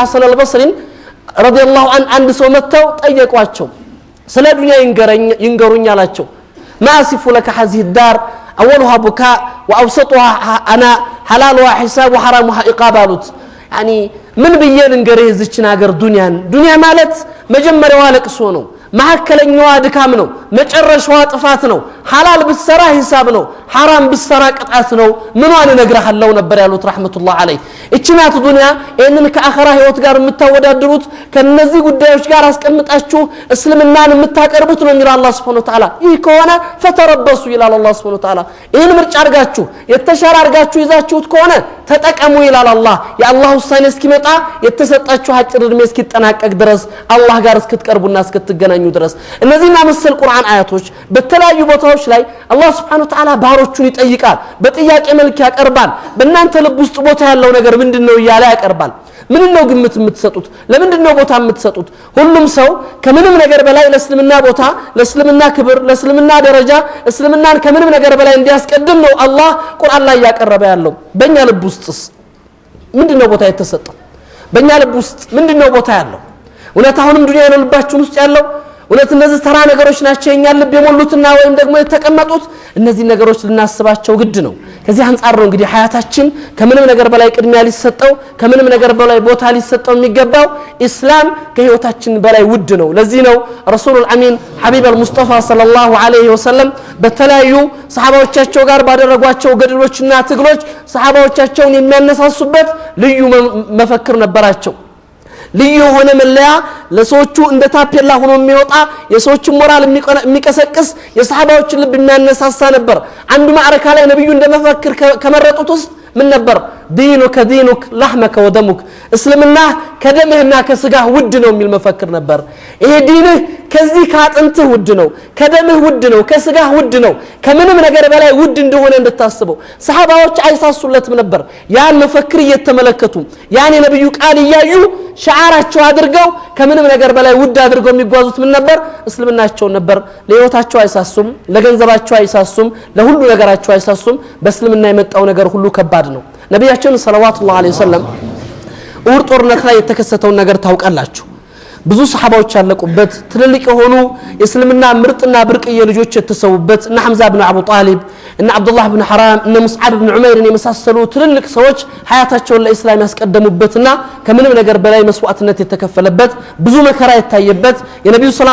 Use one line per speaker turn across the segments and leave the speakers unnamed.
ሐሰን አልበስሪን ረዲየላሁ አን አንድ ሰው መጥተው ጠየቋቸው። ስለ ዱንያ ይንገሩኝ አላቸው። ማሲፉ ለከ ሐዚህ ዳር አወሉሃ ቡካ ወአውሰጡሃ አና ሐላሉሃ ሒሳብ ወሐራሙሃ ኢቃብ አሉት። ያኒ ምን ብዬ ልንገርህ እዚችን ሀገር ዱንያን። ዱንያ ማለት መጀመሪያዋ ለቅሶ ነው። መካከለኛዋ ድካም ነው። መጨረሻዋ ጥፋት ነው። ሐላል ብትሰራ ሂሳብ ነው፣ ሐራም ብትሰራ ቅጣት ነው። ምኗን እነግርሃለሁ ነበር ያሉት ረሕመቱላህ አለይ እቺ ዱንያ። ይህንን ከአኸራ ህይወት ጋር የምታወዳድሩት ከነዚህ ጉዳዮች ጋር አስቀምጣችሁ እስልምናን የምታቀርቡት ነው የሚለው አላህ ስብሐነሁ ወተዓላ። ይህ ከሆነ ፈተረበሱ ይላል አላህ ስብሐነሁ ወተዓላ። ይህን ምርጫ አርጋችሁ የተሻለ አርጋችሁ ይዛችሁት ከሆነ ተጠቀሙ ይላል አላ የአላህ ውሳኔ እስኪመጣ የተሰጣችሁ አጭር ዕድሜ እስኪጠናቀቅ ድረስ አላህ ጋር እስክትቀርቡና እስክትገናኙ እስኪገናኙ ድረስ እነዚህና መሰል ቁርአን አያቶች በተለያዩ ቦታዎች ላይ አላህ ስብሓን ተዓላ ባሮቹን ይጠይቃል በጥያቄ መልክ ያቀርባል በእናንተ ልብ ውስጥ ቦታ ያለው ነገር ምንድን ነው እያለ ያቀርባል ምን ነው ግምት የምትሰጡት ለምንድን ነው ቦታ የምትሰጡት ሁሉም ሰው ከምንም ነገር በላይ ለእስልምና ቦታ ለእስልምና ክብር ለእስልምና ደረጃ እስልምናን ከምንም ነገር በላይ እንዲያስቀድም ነው አላህ ቁርአን ላይ እያቀረበ ያለው በእኛ ልብ ውስጥስ ምንድን ነው ቦታ የተሰጠው በእኛ ልብ ውስጥ ምንድን ነው ቦታ ያለው እውነት አሁንም ዱኒያ ነው ውስጥ ያለው እውነት እነዚህ ተራ ነገሮች ናቸው የኛ ልብ የሞሉትና ወይም ደግሞ የተቀመጡት? እነዚህ ነገሮች ልናስባቸው ግድ ነው። ከዚህ አንጻር ነው እንግዲህ ሀያታችን ከምንም ነገር በላይ ቅድሚያ ሊሰጠው ከምንም ነገር በላይ ቦታ ሊሰጠው የሚገባው ኢስላም ከህይወታችን በላይ ውድ ነው። ለዚህ ነው ረሱሉል አሚን ሐቢብ አልሙስጠፋ ሰለላሁ ዐለይሂ ወሰለም በተለያዩ ሰሃባዎቻቸው ጋር ባደረጓቸው ገድሎችና ትግሎች ሰሃባዎቻቸውን የሚያነሳሱበት ልዩ መፈክር ነበራቸው። ልዩ የሆነ መለያ ለሰዎቹ እንደ ታፔላ ሆኖ የሚወጣ የሰዎችን ሞራል የሚቀሰቅስ የሰሃባዎችን ልብ የሚያነሳሳ ነበር። አንዱ ማዕረካ ላይ ነብዩ እንደ መፈክር ከመረጡት ውስጥ ምን ነበር? ዲኑ ከዲኑክ ላህመከ ወደሙክ እስልምና ከደምህና ከስጋህ ውድ ነው የሚል መፈክር ነበር። ይሄ ዲንህ ከዚህ ከአጥንትህ ውድ ነው፣ ከደምህ ውድ ነው፣ ከስጋህ ውድ ነው፣ ከምንም ነገር በላይ ውድ እንደሆነ እንድታስበው ሰሓባዎች አይሳሱለትም ነበር። ያን መፈክር እየተመለከቱ ያን የነቢዩ ቃል እያዩ ሸዓራቸው አድርገው ከምንም ነገር በላይ ውድ አድርገው የሚጓዙት ምን ነበር? እስልምናቸው ነበር። ለህይወታቸው አይሳሱም፣ ለገንዘባቸው አይሳሱም፣ ለሁሉ ነገራቸው አይሳሱም። በእስልምና የመጣው ነገር ሁሉ ከባድ ነው። ነቢያችን ሰለዋቱላሁ ዐለይሂ ወሰለም እሁድ ጦርነት ላይ የተከሰተውን ነገር ታውቃላችሁ ብዙ ሰሓባዎች ያለቁበት ትልልቅ የሆኑ የእስልምና ምርጥና ብርቅዬ ልጆች የተሰዉበት እነ ሐምዛ ብን አቡ ጣሊብ እነ አብዱላህ ብን ሐራም እነ ሙስዓብ ብን ዑመይርን የመሳሰሉ ትልልቅ ሰዎች ሀያታቸውን ለኢስላም ያስቀደሙበትና ከምንም ነገር በላይ መስዋዕትነት የተከፈለበት ብዙ መከራ የታየበት የነቢዩ ስ ላ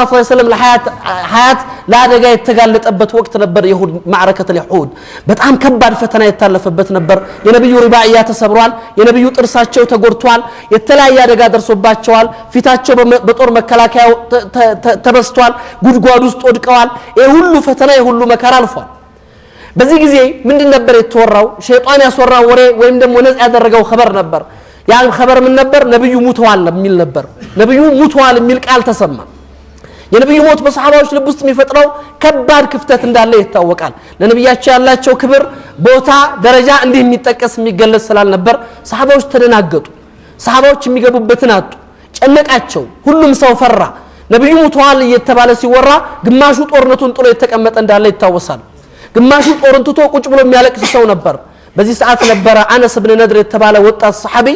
ሀያት ለአደጋ የተጋለጠበት ወቅት ነበር የሁድ ማዕረከት ልሑድ በጣም ከባድ ፈተና የታለፈበት ነበር የነቢዩ ሪባዕያ ተሰብሯል የነቢዩ ጥርሳቸው ተጎድቷል የተለያየ አደጋ ደርሶባቸዋል ፊታቸው በጦር መከላከያ ተበስቷል ጉድጓድ ውስጥ ወድቀዋል ይህ ሁሉ ፈተና የሁሉ መከራ አልፏል በዚህ ጊዜ ምንድን ነበር የተወራው? ሸይጣን ያስወራው ወሬ ወይም ደግሞ ነጽ ያደረገው ኸበር ነበር። ያ ኸበር ምን ነበር? ነብዩ ሙተዋል የሚል ነበር። ነብዩ ሙተዋል የሚል ቃል ተሰማ። የነብዩ ሞት በሰሃባዎች ልብ ውስጥ የሚፈጥረው ከባድ ክፍተት እንዳለ ይታወቃል። ለነብያቸው ያላቸው ክብር፣ ቦታ፣ ደረጃ እንዲህ የሚጠቀስ የሚገለጽ ስላልነበር ሰሃባዎች ተደናገጡ። ሰሃባዎች የሚገቡበትን አጡ። ጨነቃቸው። ሁሉም ሰው ፈራ። ነብዩ ሙተዋል እየተባለ ሲወራ ግማሹ ጦርነቱን ጥሎ የተቀመጠ እንዳለ ይታወሳል። ግማሹ ጦርን ትቶ ቁጭ ብሎ የሚያለቅስ ሰው ነበር በዚህ ሰዓት ነበረ አነስ ብን ነድር የተባለ ወጣት ሰሓቢ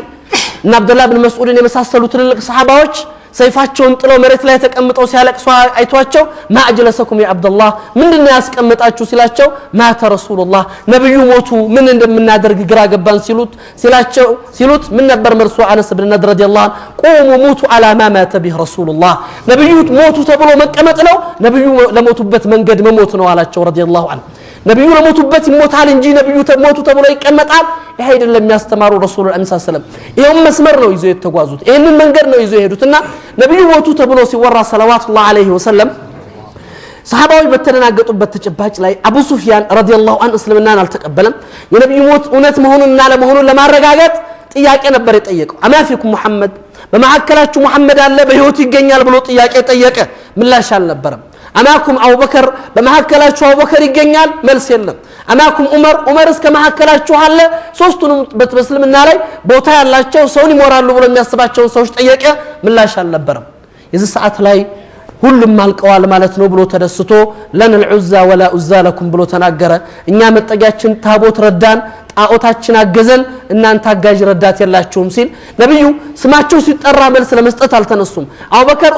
እና አብደላ ብን መስዑድን የመሳሰሉ ትልልቅ ሰሓባዎች ሰይፋቸውን ጥለው መሬት ላይ ተቀምጠው ሲያለቅሱ አይቷቸው ማዕጅለሰኩም የአብደላህ ምንድን ያስቀምጣችሁ ሲላቸው ማተ ረሱሉላህ ነቢዩ ሞቱ ምን እንደምናደርግ ግራ ገባን ሲሉት ሲላቸው ሲሉት ምን ነበር መርሶ አነስ ብን ነድ ረዲ ላ ቁሙ ሙቱ አላ ማ ማተ ቢህ ረሱሉላህ ነቢዩ ሞቱ ተብሎ መቀመጥ ነው ነቢዩ ለሞቱበት መንገድ መሞት ነው አላቸው ረዲ ላሁ አንሁ ነቢዩ ለሞቱበት ይሞታል እንጂ ነቢዩ ሞቱ ተብሎ ይቀመጣል። ይህ አይደለም የሚያስተማሩ ረሱሉ ላ ስለም ይኸውም መስመር ነው ይዞ የተጓዙት። ይህንን መንገድ ነው ይዞ የሄዱት እና ነቢዩ ሞቱ ተብሎ ሲወራ ሰለዋቱላህ ዓለይሂ ወሰለም ሰሓባዊ በተደናገጡበት ተጨባጭ ላይ አቡ ሱፊያን ረዲየላሁ አን እስልምናን አልተቀበለም። የነቢዩ ሞት እውነት መሆኑንና ለመሆኑን ለማረጋገጥ ጥያቄ ነበር የጠየቀው። አማፊኩም ሙሐመድ፣ በመካከላችሁ ሙሐመድ አለ በህይወቱ ይገኛል ብሎ ጥያቄ ጠየቀ። ምላሽ አልነበረም። አማኩም አቡበከር በመካከላችሁ አቡበከር ይገኛል መልስ የለም አማኩም ዑመር ዑመር እስከ መካከላችሁ አለ ሶስቱንም በእስልምና ላይ ቦታ ያላቸው ሰውን ይሞራሉ ብሎ የሚያስባቸውን ሰዎች ጠየቀ ምላሽ አልነበረም የዚህ ሰዓት ላይ ሁሉም አልቀዋል ማለት ነው ብሎ ተደስቶ ለነል ዑዛ ወላ ዑዛ ለኩም ብሎ ተናገረ። እኛ መጠጊያችን ታቦት ረዳን፣ ጣዖታችን አገዘን፣ እናንተ አጋዥ ረዳት የላችሁም ሲል ነቢዩ ስማቸው ሲጠራ መልስ ለመስጠት አልተነሱም። አቡበከር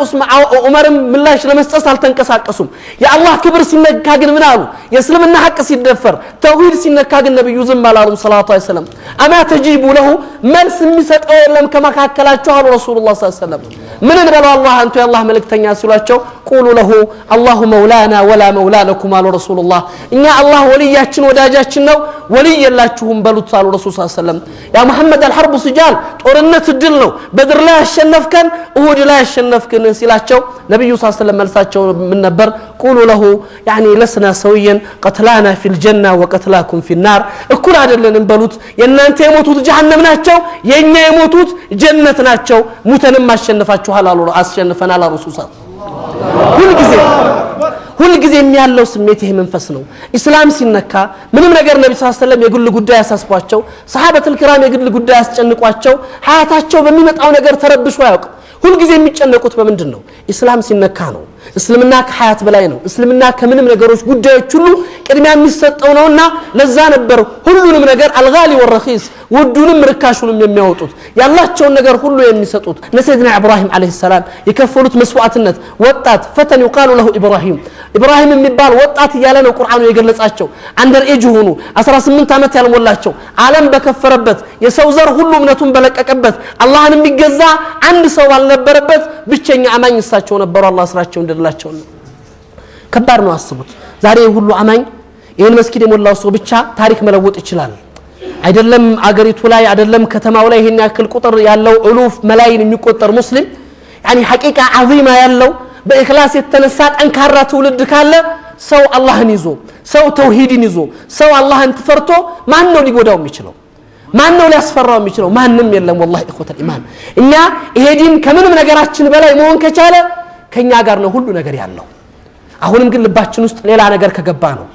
ዑመርም ምላሽ ለመስጠት አልተንቀሳቀሱም። የአላህ ክብር ሲነካ ግን ምን አሉ? የእስልምና ሐቅ ሲደፈር ተውሂድ ሲነካ ግን ነቢዩ ዝም አላሉም። ሰላቱ ሰለም አማ ተጂቡ ለሁ መልስ የሚሰጠው የለም ከመካከላቸው አሉ ረሱሉላህ ሰለላሁ ዐለይሂ ወሰለም ምን እንበለው አላህ አንቱ የአላህ መልእክተኛ ሲሏቸው ቁሉ ለሁ አላሁ መውላና ወላ መውላ ለኩም አሉ ረሱሉላህ እኛ አላህ ወልያችን ወዳጃችን ነው ወልይ የላችሁም በሉት አሉ ረሱል ስ ሰለም ያ መሐመድ አልሐርቡ ስጃል ጦርነት እድል ነው። በድር ላይ ያሸነፍከን፣ እሁድ ላይ ያሸነፍክን ሲላቸው ነቢዩ ስ ስለም መልሳቸው ምን ነበር? ቁሉ ለሁ ለስና ሰውየን ቀትላና ፊልጀና ወቀትላኩም ፊናር እኩል አይደለንም በሉት። የእናንተ የሞቱት ጃሃንም ናቸው፣ የእኛ የሞቱት ጀነት ናቸው። ሙተንም አሸንፋችኋል አሉ አስሸንፈናል አሉ ሱሳ ሁልጊዜ ሁልጊዜም ያለው ስሜት ይሄ መንፈስ ነው። ኢስላም ሲነካ ምንም ነገር ነቢ ስ ሰለም የግል ጉዳይ ያሳስቧቸው፣ ሰሃበትል ክራም የግል ጉዳይ ያስጨንቋቸው፣ ሀያታቸው በሚመጣው ነገር ተረብሾ አያውቅም። ሁልጊዜ የሚጨነቁት በምንድን ነው? ኢስላም ሲነካ ነው። እስልምና ከሀያት በላይ ነው። እስልምና ከምንም ነገሮች ጉዳዮች ሁሉ ቅድሚያ የሚሰጠው ነውና ለዛ ነበር ሁሉንም ነገር አልጋሊ ወረኺስ ውዱንም ርካሹንም የሚያወጡት ያላቸውን ነገር ሁሉ የሚሰጡት ለሰይድና ኢብራሂም ዓለይሂ ሰላም የከፈሉት መስዋዕትነት ወጣት ፈተን ይቃሉ ለሁ ኢብራሂም ኢብራሂም የሚባል ወጣት እያለ ነው ቁርአኑ የገለጻቸው አንደር ኤጅ ሆኑ 18 ዓመት ያልሞላቸው ዓለም በከፈረበት የሰው ዘር ሁሉ እምነቱን በለቀቀበት አላህን የሚገዛ አንድ ሰው ባልነበረበት ብቸኛ አማኝ እሳቸው ነበሩ አላህ ስራቸው እንደላቸው ከባድ ነው አስቡት ዛሬ ሁሉ አማኝ ይህን መስጊድ የሞላው ሰው ብቻ ታሪክ መለወጥ ይችላል አይደለም አገሪቱ ላይ አይደለም ከተማው ላይ ይሄን ያክል ቁጥር ያለው እሉፍ መላይን የሚቆጠር ሙስሊም ያኒ ሐቂቃ አዚማ ያለው በእክላስ የተነሳ ጠንካራ ትውልድ ካለ ሰው አላህን ይዞ ሰው ተውሂድን ይዞ ሰው አላህን ትፈርቶ ማን ነው ሊጎዳው የሚችለው ማን ነው ሊያስፈራው የሚችለው ማንም የለም والله እኹተል الايمان እኛ ይሄ ዲን ከምንም ነገራችን በላይ መሆን ከቻለ ከኛ ጋር ነው ሁሉ ነገር ያለው አሁንም ግን ልባችን ውስጥ ሌላ ነገር ከገባ ነው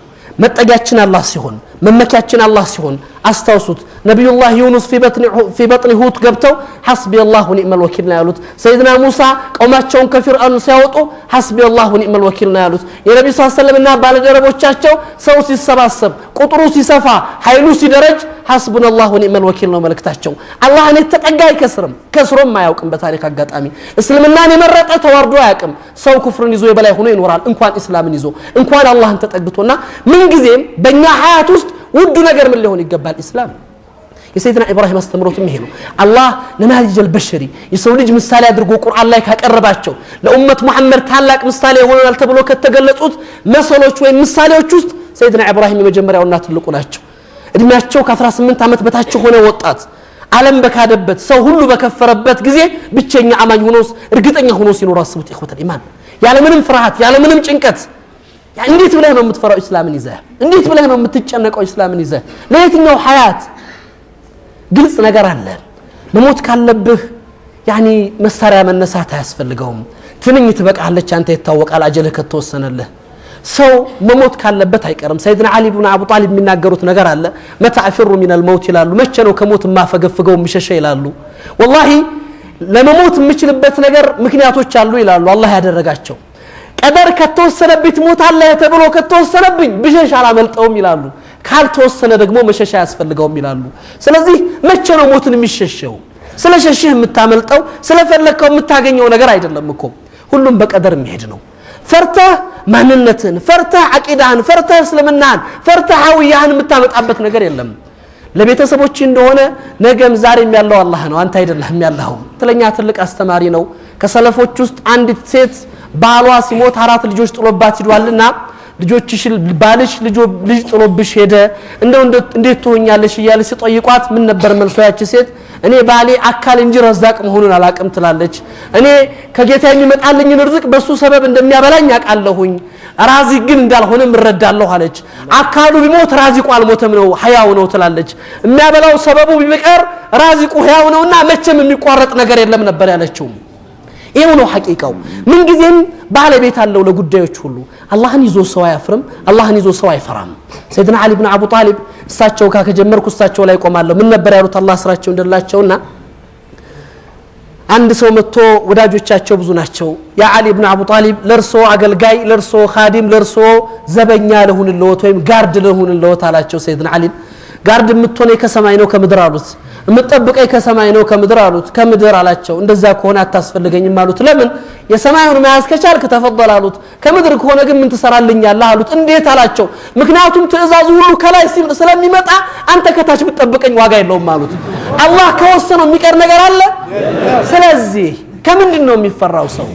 መጠጊያችን አላህ ሲሆን መመኪያችን አላህ ሲሆን አስታውሱት ነቢዩላህ ዩኑስ ፊ በጥኒ ሁት ገብተው ሐስቢ አላሁ ኒዕመል ወኪል ነው ያሉት ሰይድና ሙሳ ቀውማቸውን ከፊርአውን ሲያወጡ ሐስቢ አላሁ ኒዕመል ወኪል ነው ያሉት የነቢ ስ ሰለምና ባልደረቦቻቸው ሰው ሲሰባሰብ ቁጥሩ ሲሰፋ ኃይሉ ሲደረጅ ሐስቡን አላሁ ኒዕመል ወኪል ነው መልእክታቸው አላህን የተጠጋ አይከስርም ከስሮም አያውቅም በታሪክ አጋጣሚ እስልምናን የመረጠ ተዋርዶ አያውቅም ሰው ኩፍርን ይዞ የበላይ ሆኖ ይኖራል እንኳን ኢስላምን ይዞ እንኳን አላህን ተጠግቶና ምንጊዜም በእኛ ሀያት ውስጥ ውዱ ነገር ምን ሊሆን ይገባል ኢስላም የሰይድና ኢብራሂም አስተምሮትም ይሄ ነው አላህ ለማህጅል በሸሪ የሰው ልጅ ምሳሌ አድርጎ ቁርአን ላይ ካቀረባቸው ለኡመት ሙሐመድ ታላቅ ምሳሌ ይሆናል ተብሎ ከተገለጹት መሰሎች ወይም ምሳሌዎች ውስጥ ሰይድና ኢብራሂም የመጀመሪያውና ትልቁ ናቸው እድሜያቸው ከ18 ዓመት በታች ሆነ ወጣት ዓለም በካደበት ሰው ሁሉ በከፈረበት ጊዜ ብቸኛ አማኝ ሆኖ እርግጠኛ ሆኖ ሲኖር አስቡት ይኹተል ኢማን ያለምንም ፍርሃት ያለምንም ጭንቀት እንዴት ብለህ ነው የምትፈራው እስላምን ይዘህ? እንዴት ብለህ ነው የምትጨነቀው እስላምን ይዘህ? ለየትኛው ሀያት ግልጽ ነገር አለ። መሞት ካለብህ ያኒ መሳሪያ መነሳት አያስፈልገውም። ትንኝ ትበቃለች፣ አንተ ይታወቃል፣ አጀልህ ከተወሰነልህ። ሰው መሞት ካለበት አይቀርም። ሰይድና ዓሊ ብን አቡ ጣሊብ የሚናገሩት ነገር አለ። መታ ሚነል መውት ይላሉ። መቼ ነው ከሞት የማፈገፍገው የምሸሸ ይላሉ። ወላሂ ለመሞት የምችልበት ነገር ምክንያቶች አሉ ይላሉ፣ አላህ ያደረጋቸው ቀደር ከተወሰነብኝ ትሞታለህ ተብሎ ከተወሰነብኝ ብሸሽ አላመልጠውም ይላሉ። ካልተወሰነ ደግሞ መሸሻ አያስፈልገውም ይላሉ። ስለዚህ መቼ ነው ሞትን የሚሸሸው? ስለ ሸሽህ የምታመልጠው ስለፈለግከው የምታገኘው ነገር አይደለም እኮ ሁሉም በቀደር የሚሄድ ነው። ፈርተህ ማንነትህን፣ ፈርተህ አቂዳህን፣ ፈርተህ እስልምናህን፣ ፈርተህ ሀውያህን የምታመጣበት ነገር የለም። ለቤተሰቦች እንደሆነ ነገም ዛሬም ያለው አላህ ነው፣ አንተ አይደለህም ያለኸው። ትለኛ ትልቅ አስተማሪ ነው። ከሰለፎች ውስጥ አንዲት ሴት ባሏ ሲሞት አራት ልጆች ጥሎባት ሂዷልና ልጆችሽ ባልሽ ልጅ ጥሎብሽ ሄደ እንደው እንዴት ትሆኛለሽ እያለ ሲጠይቋት ምን ነበር መልሶ ያች ሴት እኔ ባሌ አካል እንጂ ረዛቅ መሆኑን አላቅም ትላለች እኔ ከጌታ የሚመጣልኝን ርዝቅ በሱ ሰበብ እንደሚያበላኝ አውቃለሁኝ ራዚቅ ግን እንዳልሆነም እረዳለሁ አለች አካሉ ቢሞት ራዚቁ አልሞተም ነው ሀያው ነው ትላለች የሚያበላው ሰበቡ ቢቀር ራዚቁ ህያው ነውና መቼም የሚቋረጥ ነገር የለም ነበር ያለችውም ይኸው ነው ሐቂቃው። ምንጊዜም ባለቤት አለው ለጉዳዮች ሁሉ። አላህን ይዞ ሰው አያፍርም፣ አላህን ይዞ ሰው አይፈራም። ሰይድና ዓሊ ብን አቡ ጣሊብ እሳቸው ካ ከጀመርኩ እሳቸው ላይ ቆማለሁ። ምን ነበር ያሉት? አላህ ስራቸው እንደላቸውና አንድ ሰው መጥቶ ወዳጆቻቸው ብዙ ናቸው። ያ ዓሊ ብን አቡ ጣሊብ ለእርሶ አገልጋይ፣ ለእርሶ ኻዲም፣ ለእርሶ ዘበኛ ልሁንልዎት ወይም ጋርድ ልሁንልዎት አላቸው። ሰይድና ዓሊም ጋርድ የምትሆነ ከሰማይ ነው ከምድር አሉት። የምትጠብቀኝ ከሰማይ ነው ከምድር አሉት ከምድር አላቸው እንደዛ ከሆነ አታስፈልገኝም አሉት ለምን የሰማዩን መያዝ ከቻልክ ተፈضል አሉት ከምድር ከሆነ ግን ምን ትሰራልኛለህ አሉት እንዴት አላቸው ምክንያቱም ትእዛዙ ሁሉ ከላይ ስለሚመጣ አንተ ከታች ምጠብቀኝ ዋጋ የለውም አሉት አላህ ከወሰነው የሚቀር ነገር አለ ስለዚህ ከምንድን ነው የሚፈራው ሰው